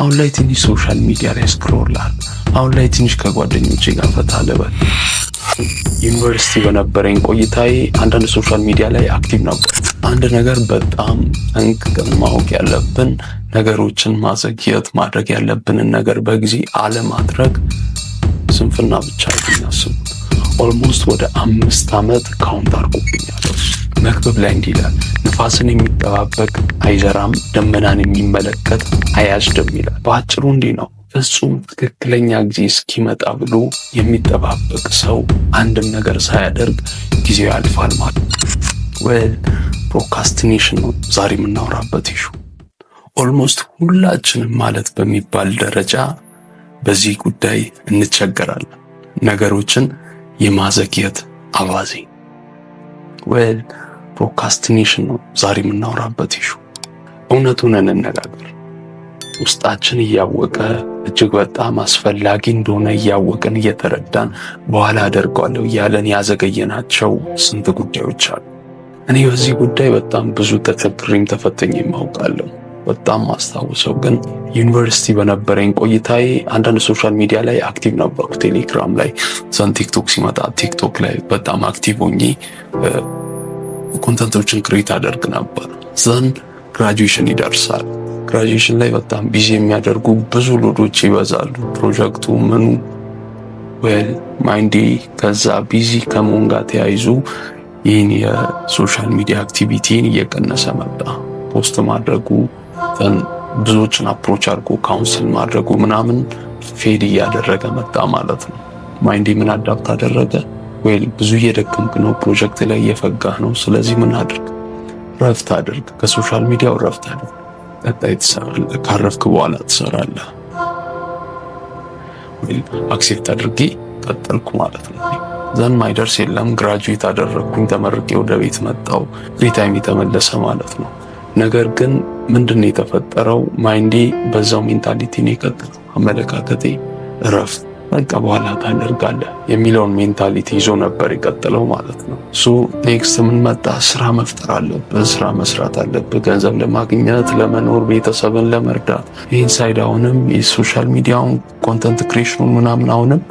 አሁን ላይ ትንሽ ሶሻል ሚዲያ ላይ ስክሮላል። አሁን ላይ ትንሽ ከጓደኞቼ ጋር ፈታ ልበል። ዩኒቨርሲቲ በነበረኝ ቆይታዬ አንዳንድ ሶሻል ሚዲያ ላይ አክቲቭ ነበር። አንድ ነገር በጣም ጠንቅቀን ማወቅ ያለብን ነገሮችን ማዘግየት፣ ማድረግ ያለብንን ነገር በጊዜ አለማድረግ ስንፍና ብቻ የሚያስቡት ኦልሞስት ወደ አምስት ዓመት ካውንት አድርጎብኛል። መክብብ ላይ እንዲህ ይላል፣ ንፋስን የሚጠባበቅ አይዘራም፣ ደመናን የሚመለከት አያጭድም ይላል። በአጭሩ እንዲህ ነው። ፍጹም ትክክለኛ ጊዜ እስኪመጣ ብሎ የሚጠባበቅ ሰው አንድም ነገር ሳያደርግ ጊዜው ያልፋል ማለት ወል ፕሮካስቲኔሽን ነው ዛሬ የምናወራበት ይሹ። ኦልሞስት ሁላችንም ማለት በሚባል ደረጃ በዚህ ጉዳይ እንቸገራለን። ነገሮችን የማዘግየት አባዜ ወል ፕሮካስቲኔሽን ነው ዛሬ የምናወራበት ይሹ። እውነቱን እንነጋገር። ውስጣችን እያወቀ እጅግ በጣም አስፈላጊ እንደሆነ እያወቅን እየተረዳን በኋላ አደርገዋለሁ እያለን ያዘገየናቸው ስንት ጉዳዮች አሉ። እኔ በዚህ ጉዳይ በጣም ብዙ ተቸግሬም ተፈተኝ ማውቃለሁ። በጣም ማስታውሰው ግን ዩኒቨርሲቲ በነበረኝ ቆይታዬ አንዳንድ ሶሻል ሚዲያ ላይ አክቲቭ ነበርኩ። ቴሌግራም ላይ ዘን ቲክቶክ ሲመጣ ቲክቶክ ላይ በጣም አክቲቭ ሆኜ ኮንተንቶችን ክሬት አደርግ ነበር። ዘን ግራጁዌሽን ይደርሳል። ግራጁዌሽን ላይ በጣም ቢዚ የሚያደርጉ ብዙ ሎዶች ይበዛሉ። ፕሮጀክቱ ምኑ ዌል ማይንዴ ከዛ ቢዚ ከመሆን ጋር ተያይዞ ይህን የሶሻል ሚዲያ አክቲቪቲን እየቀነሰ መጣ። ፖስት ማድረጉ ብዙዎችን አፕሮች አድርጎ ካውንስል ማድረጉ ምናምን ፌድ እያደረገ መጣ ማለት ነው። ማይንዴ ምን አዳፕት አደረገ? ወይ ብዙ እየደከምክ ነው፣ ፕሮጀክት ላይ እየፈጋህ ነው። ስለዚህ ምን አድርግ? ረፍት አድርግ፣ ከሶሻል ሚዲያው ረፍት አድርግ። ቀጣይ ትሰራለህ፣ ካረፍክ በኋላ ትሰራለህ። ወይ አክሴፕት አድርጌ ቀጠልኩ ማለት ነው። ዘን ማይደርስ የለም ግራጁዌት አደረግኩኝ፣ ተመርቄ ወደ ቤት መጣው። ፍሪ ታይም የተመለሰ ማለት ነው። ነገር ግን ምንድን የተፈጠረው? ማይንዴ በዛው ሜንታሊቲ ነው የቀጠለው፣ አመለካከቴ እረፍት በቃ በኋላ ታደርጋለህ የሚለውን ሜንታሊቲ ይዞ ነበር የቀጠለው ማለት ነው። እሱ ኔክስት ምን መጣ? ስራ መፍጠር አለብህ፣ ስራ መስራት አለብህ፣ ገንዘብ ለማግኘት ለመኖር፣ ቤተሰብን ለመርዳት። ይህን ሳይድ አሁንም የሶሻል ሚዲያውን ኮንተንት ክሬሽኑን ምናምን አሁንም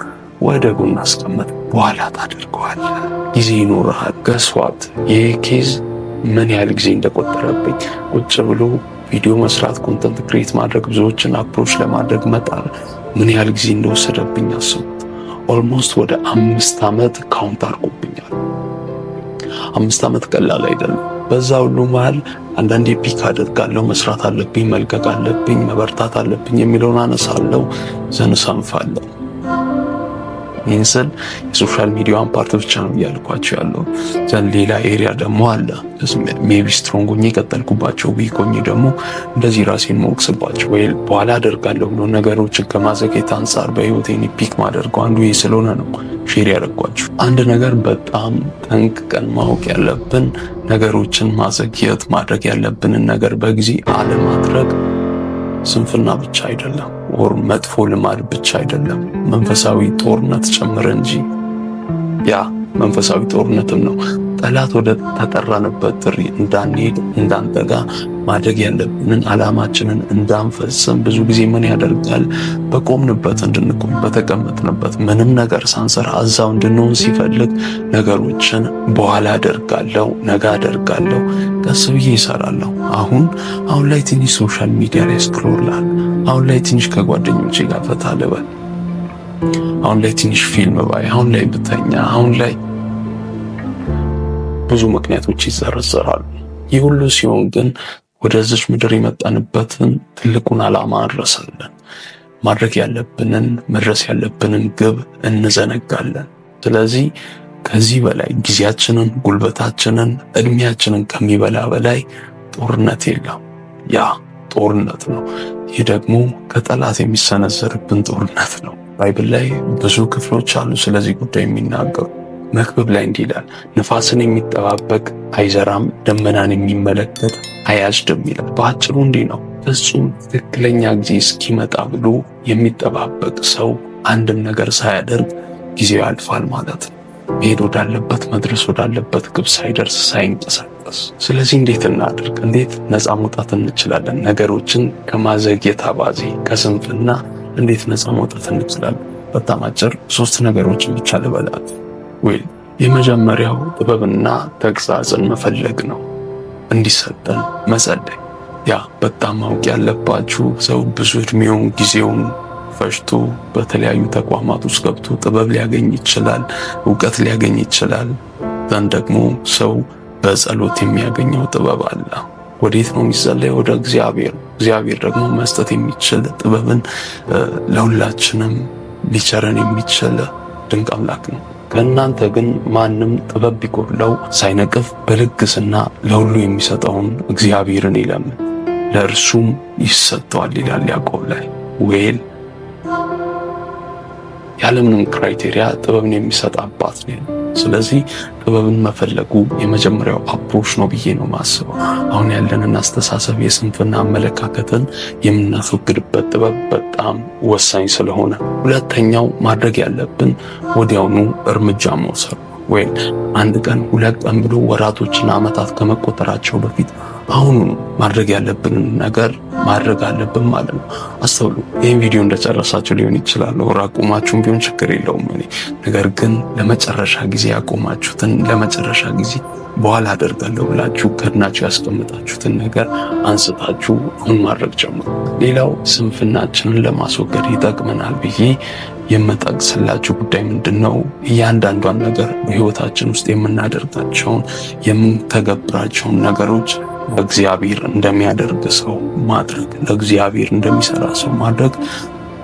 ወደ ጎን አስቀመጥ፣ በኋላ ታደርገዋለህ፣ ጊዜ ይኖርሃል። ገስዋት ይህ ኬዝ ምን ያህል ጊዜ እንደቆጠረብኝ ቁጭ ብሎ ቪዲዮ መስራት፣ ኮንተንት ክሬት ማድረግ፣ ብዙዎችን አፕሮች ለማድረግ መጣር ምን ያህል ጊዜ እንደወሰደብኝ አስቡት። ኦልሞስት ወደ አምስት ዓመት ካውንት አድርጎብኛል። አምስት ዓመት ቀላል አይደለም። በዛ ሁሉ መሃል አንዳንዴ ፒክ አደርጋለሁ። መስራት አለብኝ፣ መልቀቅ አለብኝ፣ መበርታት አለብኝ የሚለውን አነሳለሁ፣ ዘንሰንፋለሁ ይህን ስል የሶሻል ሚዲያዋን ፓርት ብቻ ነው እያልኳቸው ያለው። ዘን ሌላ ኤሪያ ደግሞ አለ ሜቢ ስትሮንግ ሆኜ የቀጠልኩባቸው ዊክ ሆኜ ደግሞ እንደዚህ ራሴን መወቅስባቸው ወይ በኋላ አደርጋለሁ ብሎ ነገሮችን ከማዘግየት አንጻር በህይወቴን ፒክ ማደርገው አንዱ ይህ ስለሆነ ነው ሼር ያደረጓችሁ። አንድ ነገር በጣም ጠንቅቀን ማወቅ ያለብን ነገሮችን ማዘግየት ማድረግ ያለብንን ነገር በጊዜ አለማድረግ ስንፍና ብቻ አይደለም፣ ወር መጥፎ ልማድ ብቻ አይደለም፣ መንፈሳዊ ጦርነት ጨምረ እንጂ ያ መንፈሳዊ ጦርነትም ነው። ጠላት ወደ ተጠራንበት ጥሪ እንዳንሄድ እንዳንጠጋ ማደግ ያለብንን ዓላማችንን እንዳንፈጽም ብዙ ጊዜ ምን ያደርጋል? በቆምንበት እንድንቆም በተቀመጥንበት ምንም ነገር ሳንሰራ እዛው እንድንሆን ሲፈልግ ነገሮችን በኋላ አደርጋለሁ፣ ነገ አደርጋለሁ፣ ቀስ ብዬ ይሰራለሁ አሁን አሁን ላይ ትንሽ ሶሻል ሚዲያ ላይ ስክሮል አሁን ላይ ትንሽ ከጓደኞቼ ጋር ፈታ ልበል፣ አሁን ላይ ትንሽ ፊልም ባይ፣ አሁን ላይ ብተኛ፣ አሁን ላይ ብዙ ምክንያቶች ይዘረዘራሉ። ይህ ሁሉ ሲሆን ግን ወደዚች ምድር የመጣንበትን ትልቁን ዓላማ እንረሳለን። ማድረግ ያለብንን መድረስ ያለብንን ግብ እንዘነጋለን። ስለዚህ ከዚህ በላይ ጊዜያችንን፣ ጉልበታችንን፣ እድሜያችንን ከሚበላ በላይ ጦርነት የለም። ያ ጦርነት ነው። ይህ ደግሞ ከጠላት የሚሰነዘርብን ጦርነት ነው። ባይብል ላይ ብዙ ክፍሎች አሉ ስለዚህ ጉዳይ የሚናገሩ። መክብብ ላይ እንዲህ ይላል፣ ንፋስን የሚጠባበቅ አይዘራም፣ ደመናን የሚመለከት አያጭድም ይላል። በአጭሩ እንዲህ ነው፣ ፍጹም ትክክለኛ ጊዜ እስኪመጣ ብሎ የሚጠባበቅ ሰው አንድም ነገር ሳያደርግ ጊዜው ያልፋል ማለት ነው። መሄድ ወዳለበት መድረስ ወዳለበት ግብ ሳይደርስ ሳይንቀሳል ቢመጣስ? ስለዚህ እንዴት እናድርግ? እንዴት ነፃ መውጣት እንችላለን? ነገሮችን ከማዘግየት አባዜ ከስንፍና እንዴት ነፃ መውጣት እንችላለን? በጣም አጭር ሶስት ነገሮችን ብቻ ልበላት ወይ። የመጀመሪያው ጥበብና ተግሳጽን መፈለግ ነው፣ እንዲሰጠን መጸለይ። ያ በጣም ማወቅ ያለባችሁ ሰው ብዙ እድሜውን ጊዜውን ፈጅቶ በተለያዩ ተቋማት ውስጥ ገብቶ ጥበብ ሊያገኝ ይችላል፣ እውቀት ሊያገኝ ይችላል። ዘንድ ደግሞ ሰው በጸሎት የሚያገኘው ጥበብ አለ። ወዴት ነው የሚጸለየው? ወደ እግዚአብሔር። እግዚአብሔር ደግሞ መስጠት የሚችል ጥበብን ለሁላችንም ሊቸረን የሚችል ድንቅ አምላክ ነው። ከእናንተ ግን ማንም ጥበብ ቢጎድለው ሳይነቅፍ በልግስና ለሁሉ የሚሰጠውን እግዚአብሔርን ይለምን ለእርሱም ይሰጠዋል ይላል ያዕቆብ ላይ ወይል ያለምንም ክራይቴሪያ ጥበብን የሚሰጥ አባት ነው። ስለዚህ ጥበብን መፈለጉ የመጀመሪያው አፕሮች ነው ብዬ ነው ማስበው። አሁን ያለንን አስተሳሰብ፣ የስንፍና አመለካከትን የምናስወግድበት ጥበብ በጣም ወሳኝ ስለሆነ፣ ሁለተኛው ማድረግ ያለብን ወዲያውኑ እርምጃ መውሰድ ወይም አንድ ቀን ሁለት ቀን ብሎ ወራቶችና አመታት ከመቆጠራቸው በፊት በአሁኑ ማድረግ ያለብንን ነገር ማድረግ አለብን ማለት ነው። አስተውሉ። ይህን ቪዲዮ እንደጨረሳችሁ ሊሆን ይችላል ወር አቁማችሁም ቢሆን ችግር የለውም እኔ ነገር ግን ለመጨረሻ ጊዜ ያቆማችሁትን ለመጨረሻ ጊዜ በኋላ አደርጋለሁ ብላችሁ ከድናችሁ ያስቀምጣችሁትን ነገር አንስታችሁ አሁን ማድረግ ጀምሩ። ሌላው ስንፍናችንን ለማስወገድ ይጠቅመናል ብዬ የምጠቅስላችሁ ጉዳይ ምንድን ነው? እያንዳንዷን ነገር በህይወታችን ውስጥ የምናደርጋቸውን የምንተገብራቸውን ነገሮች ለእግዚአብሔር እንደሚያደርግ ሰው ማድረግ፣ ለእግዚአብሔር እንደሚሰራ ሰው ማድረግ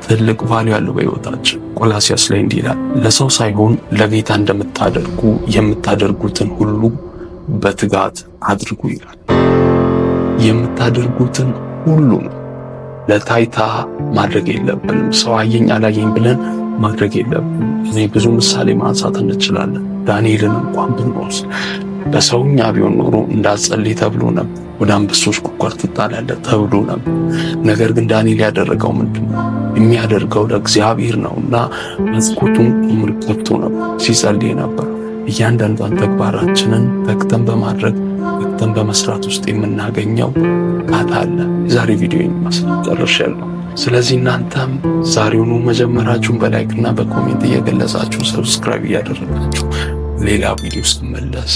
ትልቅ ቫልዩ ያለው በህይወታችን። ቆላሲያስ ላይ እንዲህ ይላል፣ ለሰው ሳይሆን ለጌታ እንደምታደርጉ የምታደርጉትን ሁሉ በትጋት አድርጉ ይላል። የምታደርጉትን ሁሉ ነው ለታይታ ማድረግ የለብንም። ሰው አየኝ አላየኝ ብለን ማድረግ የለብንም። እኔ ብዙ ምሳሌ ማንሳት እንችላለን። ዳንኤልን እንኳን ብንወስድ በሰውኛ ቢሆን ኖሮ እንዳጸልይ ተብሎ ነበር። ወደ አንበሶች ጉድጓድ ትጣላለህ ተብሎ ነበር። ነገር ግን ዳንኤል ያደረገው ምንድን ነው? የሚያደርገው ለእግዚአብሔር ነው እና መስኮቱን ቁምር ከፍቶ ነበር ሲጸልይ ነበር። እያንዳንዷን ተግባራችንን ተግተን በማድረግ መተን በመስራት ውስጥ የምናገኘው ቃታ አለ። የዛሬ ቪዲዮ የሚመስለው ጨርሻለሁ። ስለዚህ እናንተም ዛሬውኑ መጀመራችሁን በላይክና በኮሜንት እየገለጻችሁ ሰብስክራይብ እያደረጋችሁ ሌላ ቪዲዮ ስመለስ